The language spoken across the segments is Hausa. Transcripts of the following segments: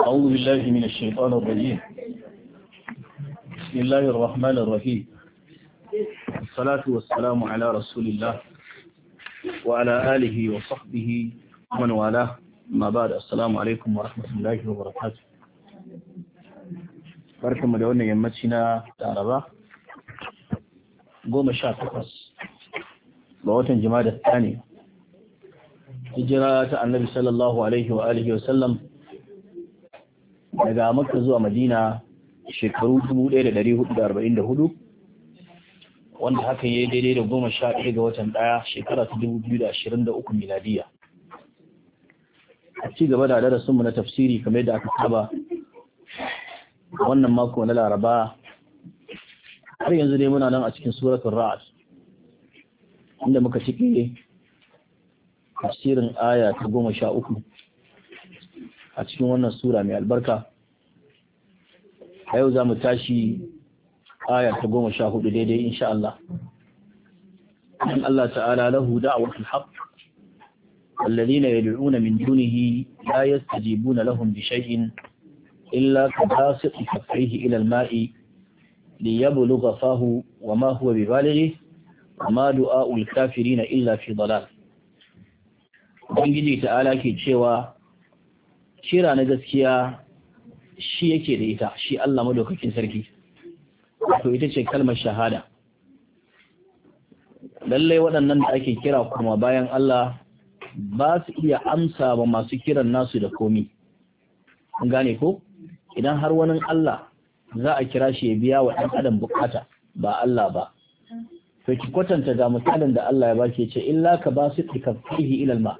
أعوذ بالله من الشيطان الرجيم بسم الله الرحمن الرحيم الصلاة والسلام على رسول الله وعلى آله وصحبه ومن والاه ما بعد السلام عليكم ورحمة الله وبركاته barkan mu da wannan yammaci na Laraba goma sha takwas ga watan jima'a da tsani hijira ta annabi sallallahu alaihi wa alihi wa sallam daga makka zuwa madina shekaru 1444 wanda hakan ya yi daidai da goma sha ɗaya ga watan ɗaya shekara ta 2023 miladiya a ci gaba da darasinmu na tafsiri kamar yadda aka saba wannan mako na laraba har yanzu dai muna nan a cikin suratun ra'ad inda muka cike tafsirin aya ta goma sha uku a cikin wannan sura mai albarka A yau za mu tashi aya ta goma sha hudu daidai insha Allah in Allah ta'ala lahu da'watul haqq alladhina yad'una min dunihi la yastajibuna lahum bi shay'in illa kabasit kaffayhi ila al-ma'i liyablugha fahu wama huwa bi balighi du'a al-kafirin illa fi dalal ubangiji ta'ala ke cewa kira na gaskiya shi yake da ita shi Allah madaukakin sarki to ita ce kalmar shahada lallai waɗannan da ake kira kuma bayan Allah ba su iya amsa ba masu kiran nasu da komi gane ko idan har wani Allah za a kira shi ya biya wa ɗan adam bukata ba Allah ba to ki kwatanta ga misalin da Allah ya baki ce illa ka basu tikaffihi ilal ma'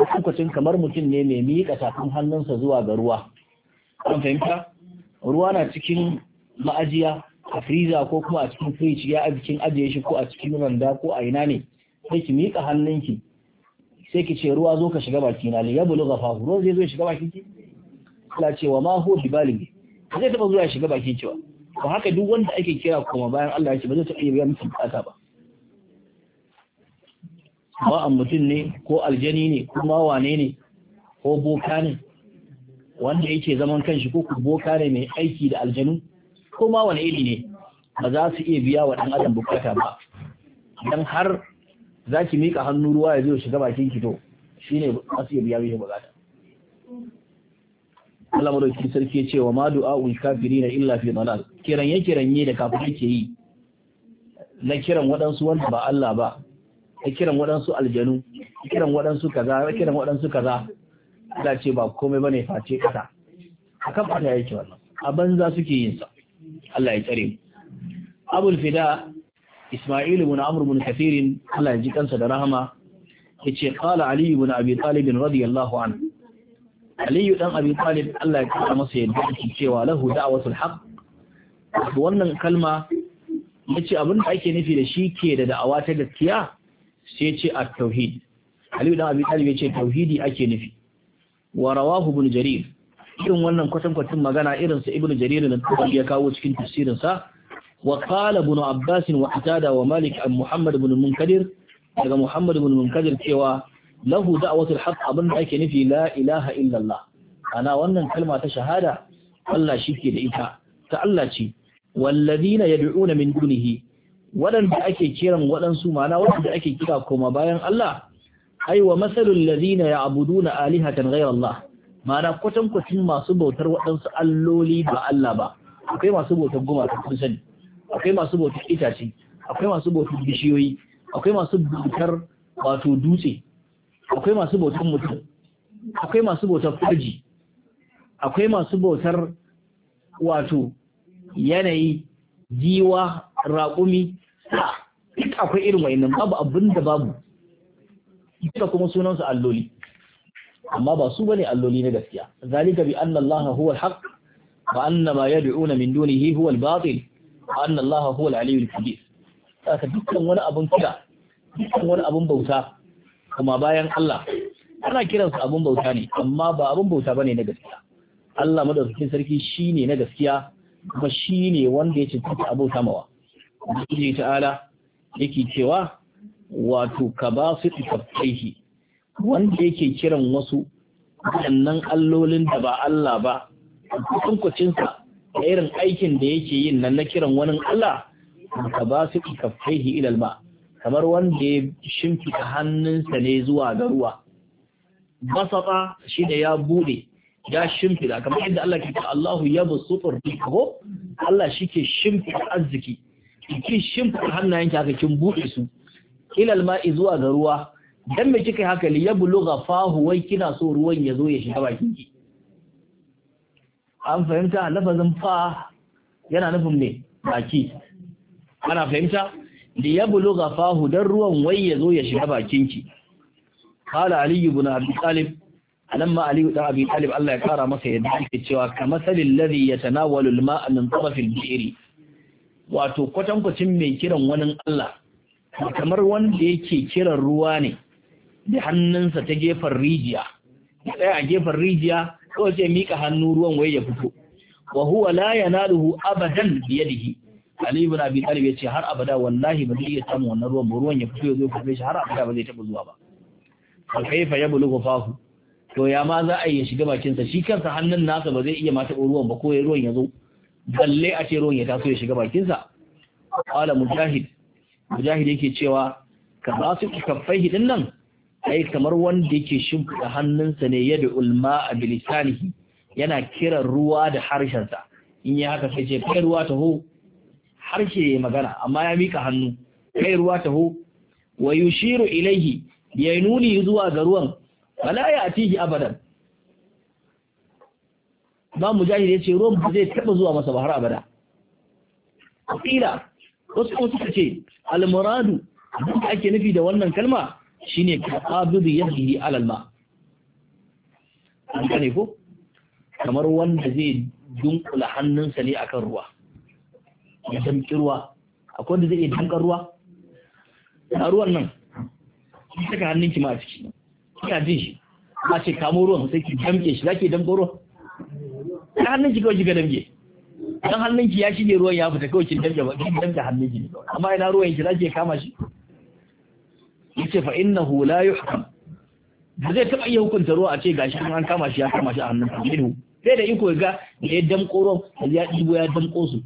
lokacin kamar mutum ne mai miƙa tafin hannunsa zuwa ga ruwa an fahimta ruwa na cikin ma'ajiya a freezer ko kuma a cikin fridge ya cikin ajiye shi ko a cikin randa ko a ina ne sai ki miƙa hannunki sai ki ce ruwa zo ka shiga baki na ya buluga fa ruwa zai zo ya shiga baki ki Allah ce wa ma hu bi balighi zai taba zuwa ya shiga baki ki ba haka duk wanda ake kira kuma bayan Allah ya ce ba zai taɓa yi miki bukata ba ba a mutum ne ko aljani ne ko wane ne ko boka ne wanda yake zaman kanshi ko ku boka ne mai aiki da aljanu ko ma wani iri ne ba za su iya biya wa ɗan adam bukata ba dan har za ki miƙa hannu ruwa ya zo shiga bakin ki to shine ba su iya biya mishi bukata Allah madauki sarki ce wa ma du'a kafiri kafirina illa fi dalal kiranye kiranye da kafirai ke yi na kiran waɗansu wanda ba Allah ba ya kiran waɗansu aljanu ya kiran waɗansu kaza ya kiran waɗansu kaza da ce ba komai bane face kasa akan fata yake wannan a banza suke yin sa Allah ya tsare mu Abul Fida Isma'il ibn Amr ibn Kathir Allah ya ji kansa da rahama ce ƙala Ali ibn Abi Talib radiyallahu anhu Aliyu dan Abi Talib Allah ya kara masa yadda yake cewa lahu da'watul haqq wannan kalma yace abin da ake nufi da shi ke da da'awa ta gaskiya sai ce a tauhid aliyu dan abi talib ya ce tauhidi ake nufi wa rawahu ibn jarir irin wannan kwatankwacin magana irin sa ibn jarir da tabari ya kawo cikin tafsirin sa wa qala ibn abbas wa qatada wa malik an muhammad ibn munkadir daga muhammad ibn munkadir cewa lahu da'watul haqq abin da ake nufi la ilaha illa allah ana wannan kalma ta shahada Allah shi ke da ita ta Allah ce wallazina yad'una min dunihi waɗanda ake kiran waɗansu mana waɗanda ake kira koma bayan Allah aiwa masalul ladina ya'buduna alihatan ghayra Allah mana kwatan kwatin masu bautar waɗansu alloli ba Allah ba akwai masu bautar gumaka kun sani akwai masu bautar itace akwai masu bautar bishiyoyi akwai masu bautar wato dutse akwai masu bautar mutum akwai masu bautar farji akwai masu bautar wato yanayi jiwa raƙumi akwai irin wayannan babu abin da babu duka kuma su alloli amma ba su bane alloli na gaskiya zalika bi anna allaha huwa alhaq wa anna ma yad'una min dunihi huwa albatil wa anna allaha huwa alaliyyul kabir saka dukkan wani abun kira dukkan wani abun bauta kuma bayan Allah ana su abun bauta ne amma ba abun bauta bane na gaskiya Allah madaukakin sarki shine na gaskiya kuma shine wanda ya cancanta abun mawa Ubangiji ta'ala yake cewa wato ka ba su tafaihi wanda yake kiran wasu waɗannan allolin da ba Allah ba kusankucinsa da irin aikin da yake yin nan na kiran wani Allah ka ba su tafaihi ilal ma kamar wanda ya shimfika hannunsa ne zuwa ga ruwa basata shi da ya bude ya shimfida kamar yadda Allah ke ta Allahu ya basutur ko Allah shike ke shimfida arziki kin shimfar hannayen ki haka kin bude su ilal ma'i zuwa ga ruwa dan me kika haka li yablugha fahu wai kina so ruwan ya zo ya shiga bakin ki an fahimta lafazin fa yana nufin me baki ana fahimta li yablugha fahu dan ruwan wai ya zo ya shiga bakin ki qala ali ibn abi talib alamma ali ibn abi talib Allah ya kara masa yadda yake cewa kamasalil ladhi yatanawalu al-ma'a min taraf al-bi'ri wato kwatankwacin mai kiran wani Allah kamar wanda yake kiran ruwa ne da hannunsa ta gefen rijiya ɗaya a gefen rijiya kawai sai mika hannu ruwan wai ya fito wa huwa la yanaluhu abadan bi yadihi Ali ibn Abi Talib yace har abada wallahi ba zai iya samu wannan ruwan ba ruwan ya fito ya zo kafe shi har abada ba zai taba zuwa ba fa ya yablughu fahu to ya ma za a yi shiga bakin shi kansa hannun nasa ba zai iya ma ruwan ba ko ruwan ya zo balle a ce ruwan ya taso ya shiga bakinsa qala mujahid mujahid yake cewa ka ba su kafai din nan ai kamar wanda yake shimfiɗa hannunsa ne yadda ulma a bilisanihi yana kiran ruwa da harshensa in ya haka sai ce kai ruwa taho harshe ya magana amma ya mika hannu kai ruwa taho wa yushiru ilaihi ya nuni zuwa ga ruwan wala ya atihi abadan ba mujahid ya ce ruwan ba zai taɓa zuwa masa ba har abada ƙila wasu kuma suka ce almuradu abin da ake nufi da wannan kalma shine ka qabidu yadihi alal ma an gane ko kamar wanda zai dunkula hannunsa ne akan ruwa ya damƙi ruwa akwai wanda zai iya damƙar ruwa a ruwan nan ki saka hannunki ma a ciki kina jin shi ba ce kamo ruwan sai ki damƙe shi zaki damƙo ruwan dan hannun ki kawai dan hannun ya shige ruwan ya fita kawai ki damge ba ki hannun ki amma ina ruwan ki zaki kama shi yace fa innahu la yuhkam ba zai taba iya hukunta ruwa a ce gashi an kama shi ya kama shi a hannun ki sai da iko ga ya damko ruwan ya dibo ya damko su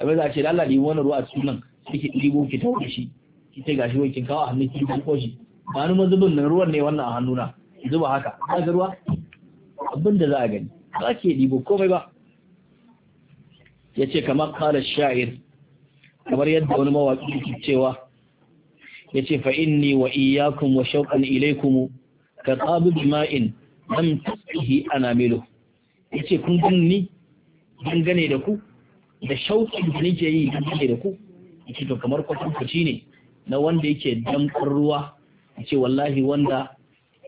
amma za a ce lalla dibo wani ruwa a cikin nan sai ki dibo ki tawo shi ki ce gashi wai kin kawo a hannun ki damko shi ba ni mazubin nan ruwan ne wannan a hannuna zuba haka ka ruwa abin da za a gani ba ke ɗibo komai ba ya ce kamar kala sha'ir kamar yadda wani mawaƙi ke cewa ya ce fa'inni wa iyakun wa shauƙan ilaikumu ka tsabu jima'in lam tasihi ana milo ya ce kun ganni dangane da ku da shauƙin da nake yi dangane da ku ya ce to kamar kwatankwaci ne na wanda yake damƙar ruwa ya ce wallahi wanda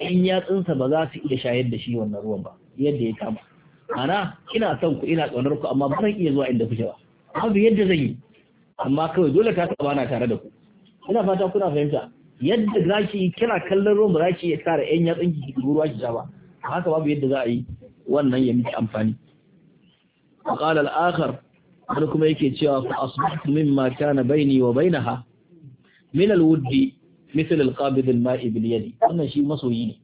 in yatsunsa ba za su iya shayar da shi wannan ruwan ba yadda ya kama ana ina son ku ina ƙaunar ku amma ba iya zuwa inda kuke ba abu yadda zan yi amma kawai dole ta taba na tare da ku ina fata kuna fahimta yadda za ki kina kallon ruwan za ki yan tara 'yan yatsun ki ki ruwa ki ba haka babu yadda za a yi wannan ya miki amfani وقال الاخر wani kuma yake cewa مما كان بيني وبينها baini wa مثل القابض الماء باليد انا شي مسويني شي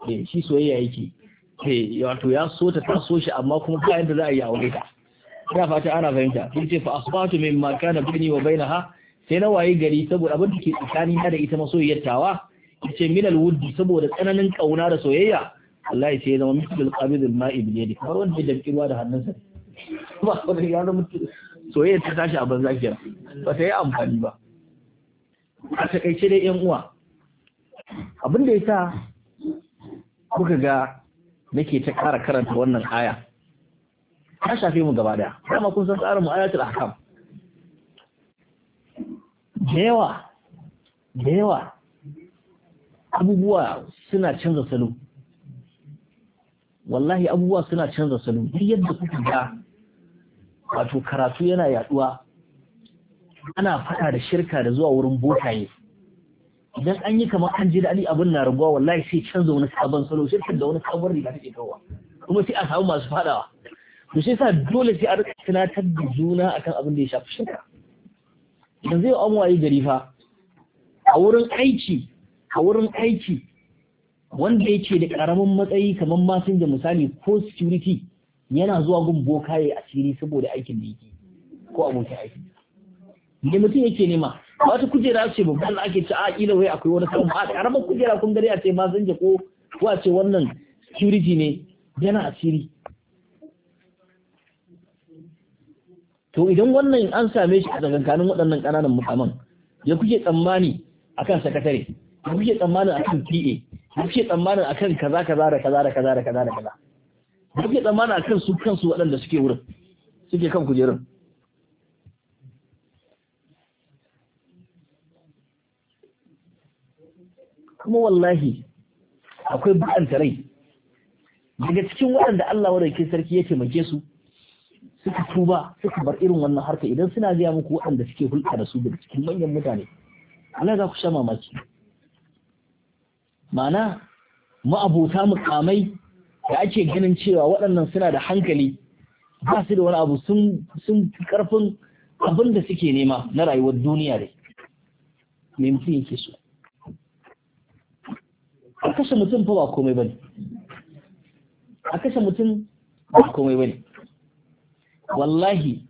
wannan shi masoyi ne eh, shi soyayya yake ke wato ya so ta taso shi amma kuma ba yadda za a yi aure ta ina fata ana fahimta sun ce fa asbatu min ma kana birni wa bainaha sai na waye gari saboda abin da ke tsakani na da ita masoyiyar tawa yace min alwuddi saboda tsananin kauna da soyayya wallahi sai ya zama mislul qabidul ma'i bi yadi kamar wanda ya damki da hannunsa ba ko ya zama soyayya ta tashi a banza kenan ba ta yi amfani ba a takaice dai yan uwa abin da yasa kuka ga nake ta ƙara karanta wannan aya ta shafe mu gaba daya dama kun san tsarin mu ayatul ahkam da yawa abubuwa suna canza salo wallahi abubuwa suna canza salo duk yadda kuka ga wato karatu yana yaduwa ana fada da shirka da zuwa wurin bokaye idan an yi kamar an ji daɗi abin na raguwa wallahi sai canza wani sabon salo sai da wani sabon riga take kawowa kuma sai a samu masu fadawa to sai sa dole sai a rika tunatar da juna akan abin da ya shafi shirka idan zai amu waye gari fa a wurin aiki a wurin aiki wanda yake da karamin matsayi kamar masinja misali ko security yana zuwa gun boka ya asiri saboda aikin da yake ko abokin aiki ne mutum yake nema wata kujera ce babban ake ci a kila wai akwai wani sabon a karamar kujera kun gari a ce ma zanje ko ko a ce wannan security ne yana asiri to idan wannan an same shi a tsakankanin waɗannan ƙananan mukaman ya kuke tsammani akan sakatare ya kuke tsammanin akan PA ya kuke tsammanin akan kaza kaza da kaza da kaza da kaza da kaza ya kuke tsammanin akan su kansu waɗanda suke wurin suke kan kujerun kuma wallahi akwai ba'anta rai daga cikin waɗanda Allah wadauke sarki ya taimake su suka tuba suka bar irin wannan harka idan suna gaya muku waɗanda suke hulɗa da su daga cikin manyan mutane Allah za ku sha mamaki ma'ana ma'abota mukamai da ake ganin cewa waɗannan suna da hankali ba su da wani abu sun karfin abin da suke nema na rayuwar duniya dai me mutum yake so a kashe mutum fa ba komai bane a kashe mutum ba komai bane wallahi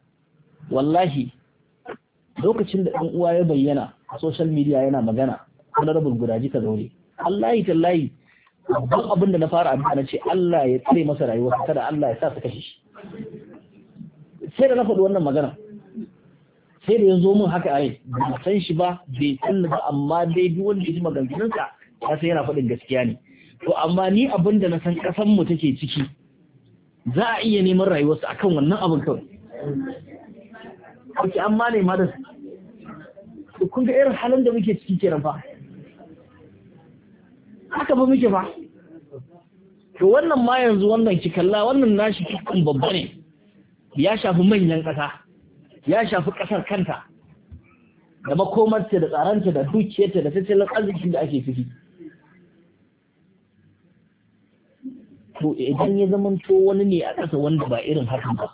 wallahi lokacin da ɗan uwa ya bayyana a social media yana magana honorable gudaji ka zaure wallahi tallahi babban abin da na fara abin na ce Allah ya tsare masa rayuwa kada Allah ya sa su kashe shi sai da na faɗi wannan magana sai da ya zo min haka a yi ba san shi ba bai san ba amma dai duk wanda ya ji maganganunsa ya san yana faɗin gaskiya ne to amma ni abin da na san ƙasar mu take ciki za a iya neman rayuwarsu akan wannan abin kawai Kauki an ma nema da su. Kun ga irin halin da muke ciki kenan fa. Haka ba muke ba. To wannan ma yanzu wannan ki kalla wannan nashi cikin babba ne. Ya shafi manyan ƙasa. Ya shafi ƙasar kanta. da makomarta da tsaranta da dukiyarta da tattalin arzikin da ake ciki to idan ya zamanto wani ne a ƙasa wanda ba irin hakan ba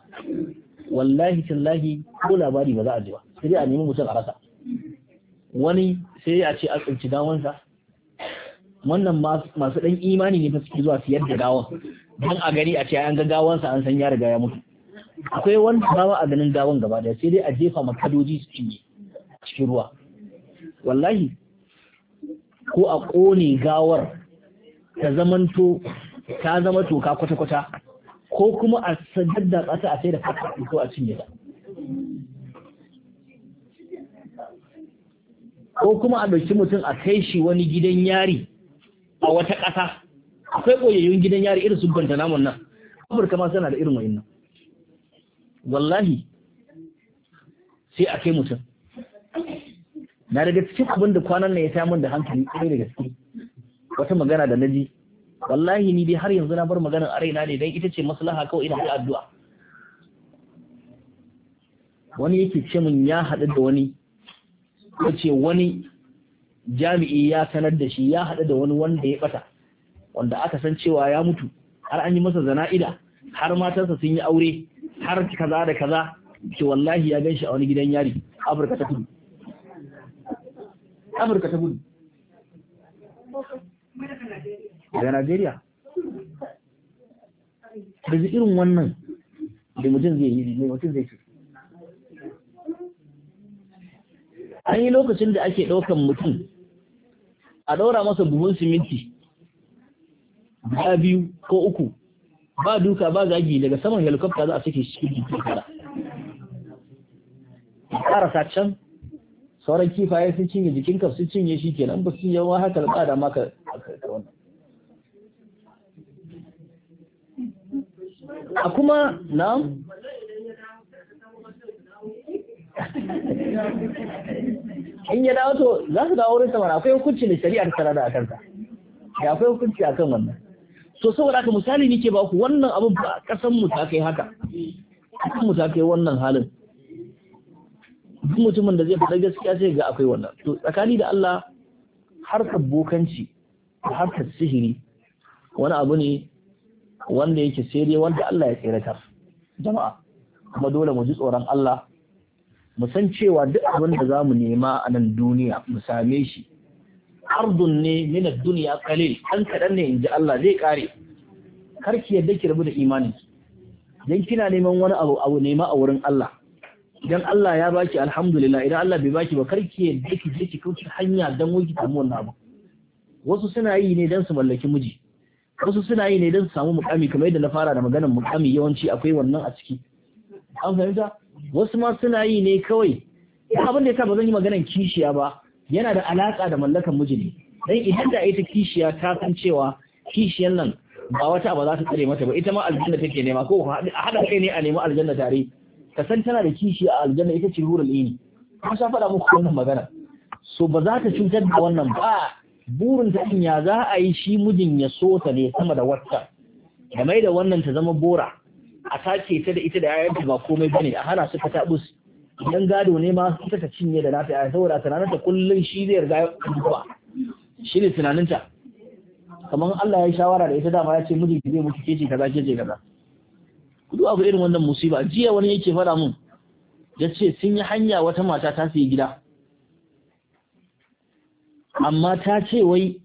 wallahi tallahi ko labari ba za a ji ba sai a nemi mutum a rasa wani sai a ce a tsinci gawansa wannan masu ɗan imani ne ta suke zuwa siyar da gawan don a gani a ce an ga gawansa an san ya riga ya mutu akwai wani ba a ganin gawan gaba daya sai dai a jefa makadoji su cinye cikin ruwa wallahi ko a ƙone gawar ta zamanto ta zama toka kwata-kwata ko kuma a da ƙasa a sai da fata ko a cinye ta ko kuma a ɗauki mutum a kai shi wani gidan yari a wata ƙasa akwai ɓoyayyun gidan yari irin su namun nan afirka ma suna da irin nan wallahi sai a kai mutum na daga cikin abin da kwanan nan ya samun da hankali ɗaya daga cikin wata magana da naji wallahi ni dai har yanzu na bar maganar a raina ne don ita ce maslaha kawai ina ta addu'a wani yake ce min ya haɗu da wani ya wani jami'i ya sanar da shi ya haɗu da wani wanda ya ɓata wanda aka san cewa ya mutu har an yi masa zana'ida har matarsa sun yi aure har kaza da kaza ke wallahi ya gan shi a wani gidan yari afirka ta kudu afirka ta kudu daga Najeriya da zai irin wannan da mutum zai yi ne mutum zai ce. an yi lokacin da ake ɗaukan mutum a ɗaura masa buhun siminti ba biyu ko uku ba duka ba zagi daga saman helikopta za a suke shi cikin kara ƙarasa can sauran kifaye sun cinye jikin sun cinye shi kenan ba su cinye wa haka da maka wannan a kuma na in ya dawo to za su dawo wurin samara akwai hukunci da shari'ar sarada a kanta da akwai hukunci a kan wannan so saboda haka misali ni ke ba ku wannan abu ba kasan mu ta kai haka kasan mu ta kai wannan halin duk mutumin da zai faɗa gaskiya sai ga akwai wannan to tsakani da Allah harkar bokanci da harkar sihiri wani abu ne wanda yake sai dai wanda Allah ya tsiratar jama'a kuma dole mu ji tsoron Allah mu san cewa duk abin da zamu nema a nan duniya mu same shi ardun ne min ad-dunya qalil an kadan ne inji Allah zai kare karki yadda ki rubuta da imanin dan kina neman wani abu abu nema a wurin Allah idan Allah ya baki alhamdulillah idan Allah bai baki ba karki yadda ki je ki kauce hanya dan wuki samu wannan abu wasu suna yi ne dan su mallaki miji wasu suna yi ne don su samu mukami kamar yadda na fara da maganar mukami yawanci akwai wannan a ciki an fahimta wasu ma suna yi ne kawai abin da yasa ba zan yi maganar kishiya ba yana da alaka da mallakan miji ne dan idan da ita kishiya ta san cewa kishiyan nan ba wata ba za ta tsare mata ba ita ma aljanna take nema ko a hada kai ne a nemi aljanna tare ka san tana da kishiya a aljanna ita ce hurul ini kuma sha faɗa muku wannan magana so ba za ta cutar da wannan ba burin ta ya za a yi shi mijin ya so ta ne sama da wata da mai da wannan ta zama bora a sake ta da ita da yayan ba komai bane a hana su ta tabus idan gado ne ma ita ta cinye da nata yayan saboda tunanin ta kullun shi zai riga ya shi ne tunanin ta kamar Allah ya yi shawara da ita dama ya ce miji zai mutu kece kaza kece kaza kudu abu irin wannan musiba jiya wani yake fada mun ya ce sun yi hanya wata mata ta sayi gida amma ta ce wai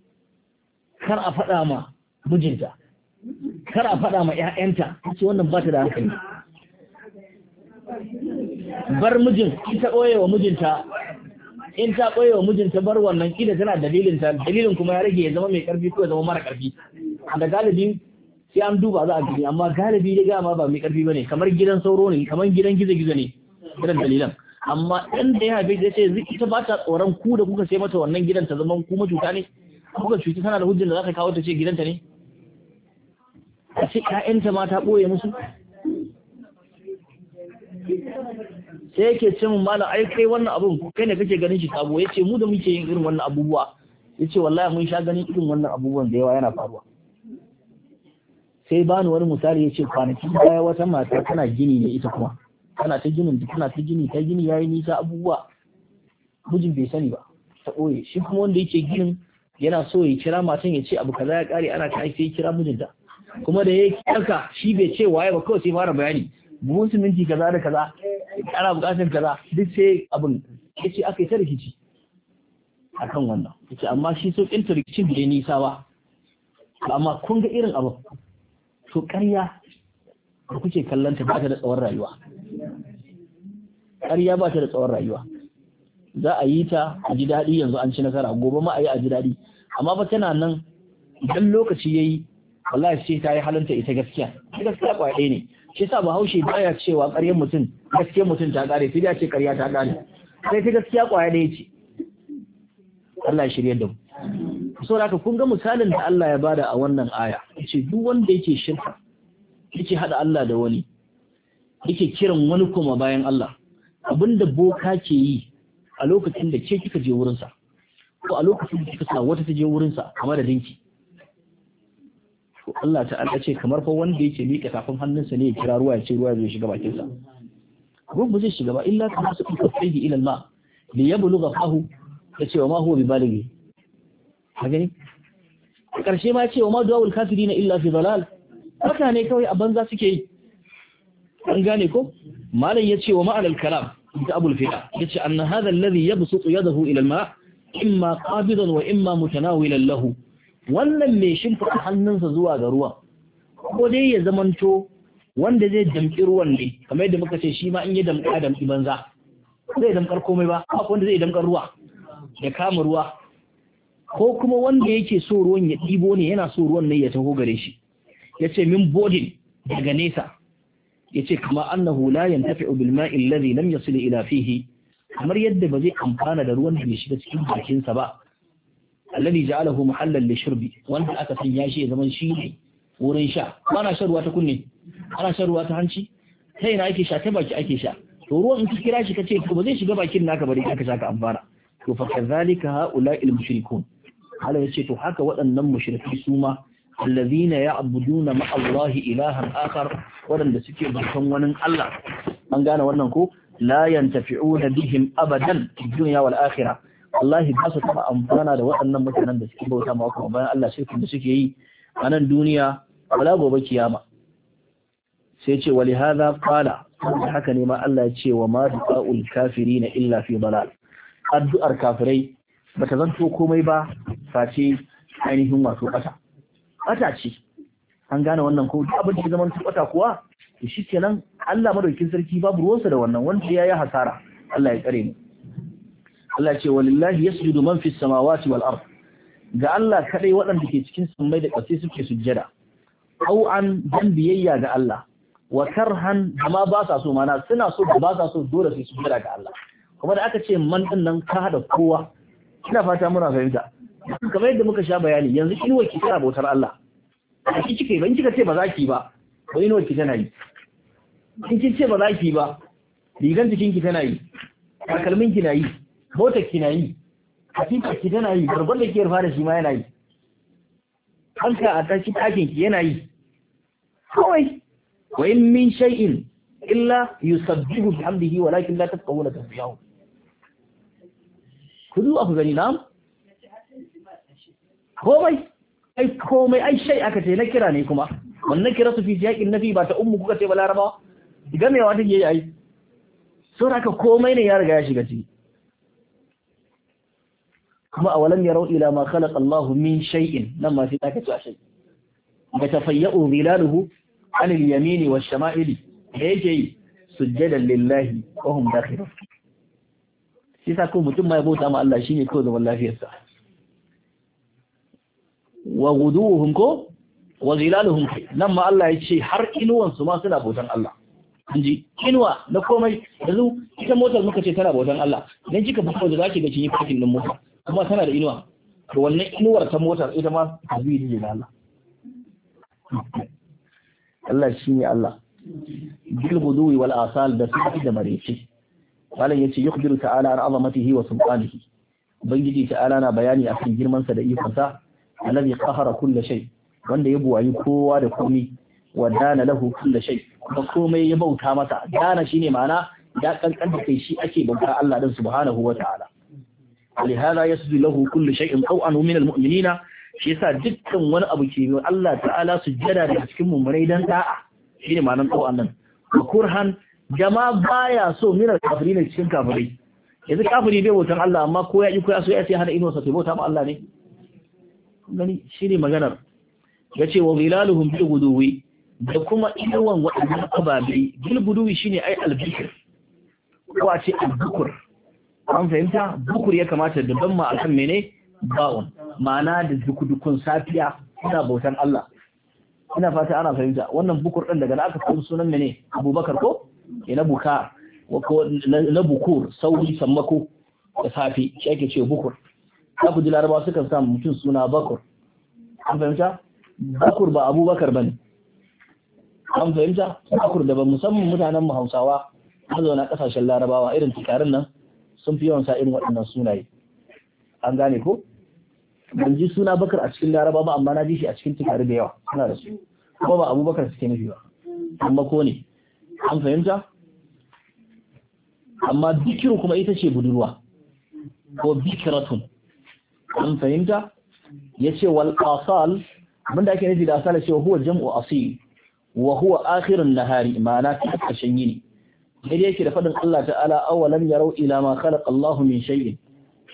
kar a faɗa ma mijinta kar a faɗa ma 'ya'yanta ce wannan ba ta da hankali bar mijin in ta ɓoye wa mijinta in ta ɓoye wa mijinta bar wannan ita tana dalilin ta dalilin kuma ya rage ya zama mai ƙarfi ko ya zama mara ƙarfi da galibi sai an duba za a gani amma galibi da gama ba mai ƙarfi bane kamar gidan sauro ne kamar gidan gizo-gizo ne irin dalilan amma ɗan da ya haife ta ce ita ba ta tsoron ku da kuka sai mata wannan gidan ta zaman kuma cuta ne kuka cuta tana da hujjar da za ka kawo ta ce gidanta ne a ce ƴaƴanta ma ta ɓoye musu sai yake ce mun malam ai kai wannan abun kai ne kake ganin shi sabo ce mu da muke yin irin wannan abubuwa Ya ce wallahi mun sha ganin irin wannan abubuwan da yawa yana faruwa sai bani wani misali ya ce kwanaki baya wata mata tana gini ne ita kuma kana ta ginin kana ta gini ta gini yayi nisa abubuwa mijin bai sani ba ta ɓoye shi kuma wanda yake ginin yana so ya kira matan ya ce abu kaza ya kare ana kai sai kira mijinta kuma da ya kirka shi bai ce waye ba kawai sai fara bayani buhun siminti kaza da kaza ana bukatar kaza duk sai abin ya ce aka yi ta rikici akan wannan yace amma shi so kinta rikicin ya nisa ba amma kun ga irin abu to ƙarya da kuke ta ba ta da tsawon rayuwa ƙarya ba ta da tsawon rayuwa za a yi ta a ji daɗi yanzu an ci nasara gobe ma a yi a ji daɗi amma ba tana nan idan lokaci ya yi wallahi sai ta yi halinta ita gaskiya gaskiya kwaɗe ɗaya ne shi sa bahaushe ya cewa ƙaryar mutum gaskiyar mutum ta ƙare sai da ce ƙarya ta ƙare sai ta gaskiya kwaya ɗaya ce Allah ya shirya da mu da haka kun ga misalin da Allah ya bada a wannan aya ce duk wanda yake shirka yake hada Allah da wani yake kiran wani kuma bayan Allah abinda boka ke yi a lokacin da ke kika je wurinsa ko a lokacin da kika sa wata ta je wurinsa a madadinki to Allah ta'ala ce kamar fa wanda yake mika tafin hannunsa ne ya kira ruwa ya ce ruwa zai shiga bakinsa ruwan ba zai shiga ba illa ka su ɗin kafaihi ila Allah da ya ga fahu ya ce wa ma huwa bi baligi a gani ƙarshe ma ya ce wa ma duwawul kafirina illa fi dalal haka ne kawai a banza suke yi an gane ko malam yace wa ma'anal kalam da abul fida yace anna hadha alladhi yabsutu yadahu ila al-ma imma qabidan wa imma mutanawilan lahu wannan mai shimfiɗa hannunsa zuwa ga ruwa ko dai ya zamanto wanda zai damƙi ruwan ne kamar yadda muka ce shi ma in ya damƙa damƙi banza zai damƙar komai ba Ko wanda zai damƙar ruwa ya kama ruwa ko kuma wanda yake so ruwan ya ɗibo ne yana so ruwan ne ya taho gare shi yace ce min bodin daga nesa yace kama annahu la yantafi'u bil ma'i alladhi lam yasil ila fihi kamar yadda ba zai amfana da ruwan da ya shiga cikin bakin sa ba alladhi ja'alahu muhallan li shurbi wanda aka sanya shi ya zama shi ne wurin sha ba na shan ruwa ta kunne ana shan ruwa ta hanci ta ina ake sha ta baki ake sha to ruwan in ka kira shi ka ce ba zai shiga bakin naka bari aka sha ka amfana to fa kadhalika ha'ula'il mushrikun Allah ya ce to haka waɗannan mushrikai su ma allazina ya'buduna ma'allahi ilahan akhar waɗanda suke bautan wani Allah an gane wannan ko la yantafi'una bihim abadan fid dunya wal akhirah wallahi ba su taɓa amfana da waɗannan mutanen da suke bauta ma kuma bayan Allah shirkin da suke yi a nan duniya wala gobe kiyama sai ce wali hadha qala haka ne ma Allah ya ce wa ma du'aul kafirina illa fi dalal addu'ar kafirai bata zanto komai ba face ainihin wato ƙasa kwata ce an gane wannan ko duk abin da ya zama kwata kuwa to shikenan Allah madaukin sarki babu ruwansa da wannan wanda ya yi hasara Allah ya kare mu Allah ce walillahi yasjudu man fis samawati wal ard ga Allah kadai waɗanda ke cikin sammai da ƙasai suke sujjada au an dan biyayya ga Allah wa karhan amma ba sa so mana suna so ba sa so dole su sujjada ga Allah kuma da aka ce man din nan ka hada kowa ina fata muna fahimta kamar yadda muka sha bayani yanzu inuwar ki tana bautar Allah a ki kike ban kika ce ba za ki ba ko inuwar ki tana yi in kin ce ba za ki ba rigan jikin ki tana yi takalmin ki na yi motar ki na yi katifar ki tana yi barbar da ke fara shi ma yana yi hanka a tashi ɗakin ki yana yi kawai wa in min shay'in illa yusabbihu bihamdihi walakin la tafqahuna tasbihahu kudu ku gani na komai ai komai ai shai aka ce na kira ne kuma wannan kira su fi yaƙin nafi ba ta ummu kuka ce ba larabawa gamewa take yi ai da haka komai ne ya riga ya shiga ciki kuma a walam yarau ila ma khalaqa Allahu min shay'in nan ma sai take a shay ga tafayyu zilaluhu an al-yamin wa shamaili da yake yi sujjadan lillahi wa hum dakhirun sa ko mutum mai bauta ma Allah shine ko zaman lafiyarsa wa guduhum ko wa zilaluhum nan ma Allah ya ce har inuwansu ma suna bautan Allah ji inuwa na komai yanzu ita motar muka ce tana bautan Allah idan kika fito da zaki ga kin yi parking din mota kuma tana da inuwa to wannan inuwar ta motar ita ma tasbihi ne da Allah Allah shi ne Allah bil guduwi wal asal da sai da mareci malam yace yukhbiru ta'ala an azamatihi wa sultanihi ubangiji ta'ala na bayani akan girman sa da ikon sa alladhi qahara kull shay wanda ya buwayi kowa da komai wa dana lahu kull shay kuma komai ya bauta masa dana shine ma'ana ya kankan da kai shi ake bauta Allah dan subhanahu wa ta'ala ولهذا lahu له كل شيء طوعا من muminina shi yasa dukkan wani abu ke biyo Allah ta'ala sujjada daga cikin mummunai dan da'a shine ma'anar tsawon nan kurhan jama baya so minar kafiri ne cikin kafirai yanzu kafiri bai wutan Allah amma ko ya yi ko ya so ya sai hana inuwarsa sai bauta ma Allah ne gani shine maganar yace wa zilaluhum bil guduwi da kuma inuwan waɗannan ababe bil guduwi shine ai albikr ko a ce albukur an fahimta bukur ya kamata da ban ma akan mene ba'un ma'ana da dukudukun safiya ina bautan Allah ina fata ana fahimta wannan bukur ɗin daga aka kawo sunan mene Abubakar ko na buka na bukur sauri sammako da safi shi ake ce bukur za ku ji larabawa suka sa mutum suna bakur an fahimta bakur ba abubakar ba ne an fahimta bakur da ba musamman mutanen mu hausawa mazauna kasashen larabawa irin tukarin nan sun fi yawan sa irin waɗannan sunaye an gane ko ban ji suna bakar a cikin laraba ba amma na ji shi a cikin tukari da yawa suna da su kuma ba abubakar suke nufi ba amma ko ne an fahimta amma bikiru kuma ita ce budurwa ko bikiratun an fahimta ya ce wal asal abinda ake nufi da asala cewa huwa jam'u asil wa huwa akhirun nahari ma'ana ta karshen yini dai yake da fadin Allah ta'ala awalam yarau ila ma khalaqa Allahu min shay'in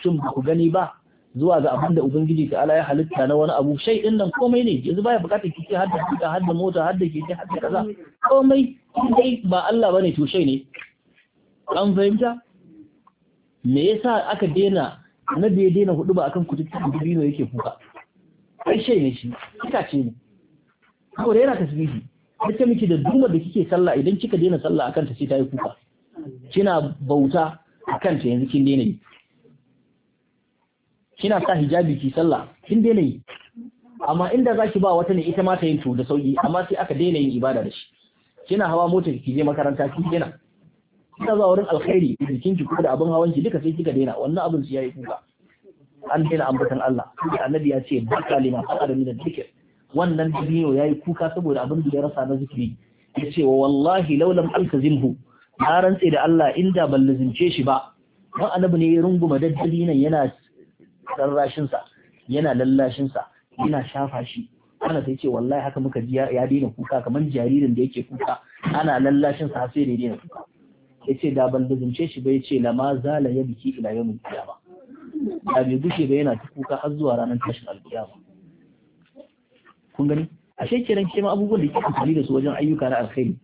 shin ba ku gani ba zuwa ga abin da ubangiji ta'ala ya halitta na wani abu shay din nan komai ne yanzu baya bukatar kike hadda kika hadda mota hadda kike hadda kaza komai dai ba Allah bane to shay ne an fahimta me yasa aka dena da ya daina hudu ba akan dubi ne yake kuka ƙarshe ne shi itace ne saboda yana tasbihi har ta miki da duma da kike sallah idan kika daina sallah akan ta sai ta yi kuka kina bauta akan ta yanzu kin daina yi kina sa hijabi ki sallah kin daina yi amma inda zaki ba wata ne ita ma ta yin to da sauki amma sai aka daina yin ibada da shi kina hawa mota ki je makaranta kin daina kina zuwa wurin alkhairi jikin ki kuka da abin hawan ki duka sai kika daina wannan abin su yayi kuka an daina ambatan Allah annabi ya ce baka lima fa'ala min dhikr wannan duniyo yayi kuka saboda abin da ya rasa na zikiri ya ce wa wallahi laulam alkazimhu na rantse da Allah inda ban lazimce shi ba don annabi ne ya runguma daddali nan yana sarrashin sa yana lallashin sa yana shafa shi ana sai ce wallahi haka muka ji ya daina kuka kamar jaririn da yake kuka ana lallashin sa sai da daina kuka ya ce da ban lazumce shi bai ce lama zala ya biki ila yau mai kiyama da bai gushe yana kuka har zuwa ranar tashin alkiyama kun gani ashe kiran kema abubuwan da ke amfani da su wajen ayyuka na alkhairi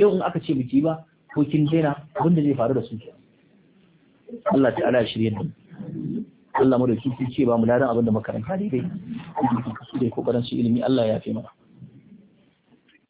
yau in aka ce biki ba ko kin daina abinda zai faru da su Allah ta'ala ya shirye mu Allah mu da kike ce ba mu ladan abin da makaranta dai dai ko karanci ilimi Allah ya fi mana